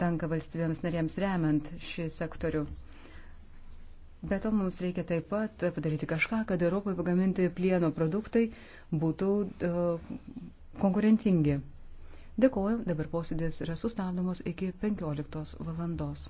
tenka valstybėms narėms remiant šį sektorių. Bet to mums reikia taip pat padaryti kažką, kad Europoje pagaminti plieno produktai būtų uh, konkurencingi. Dėkuoju, dabar posėdis yra sustabdomas iki 15 valandos.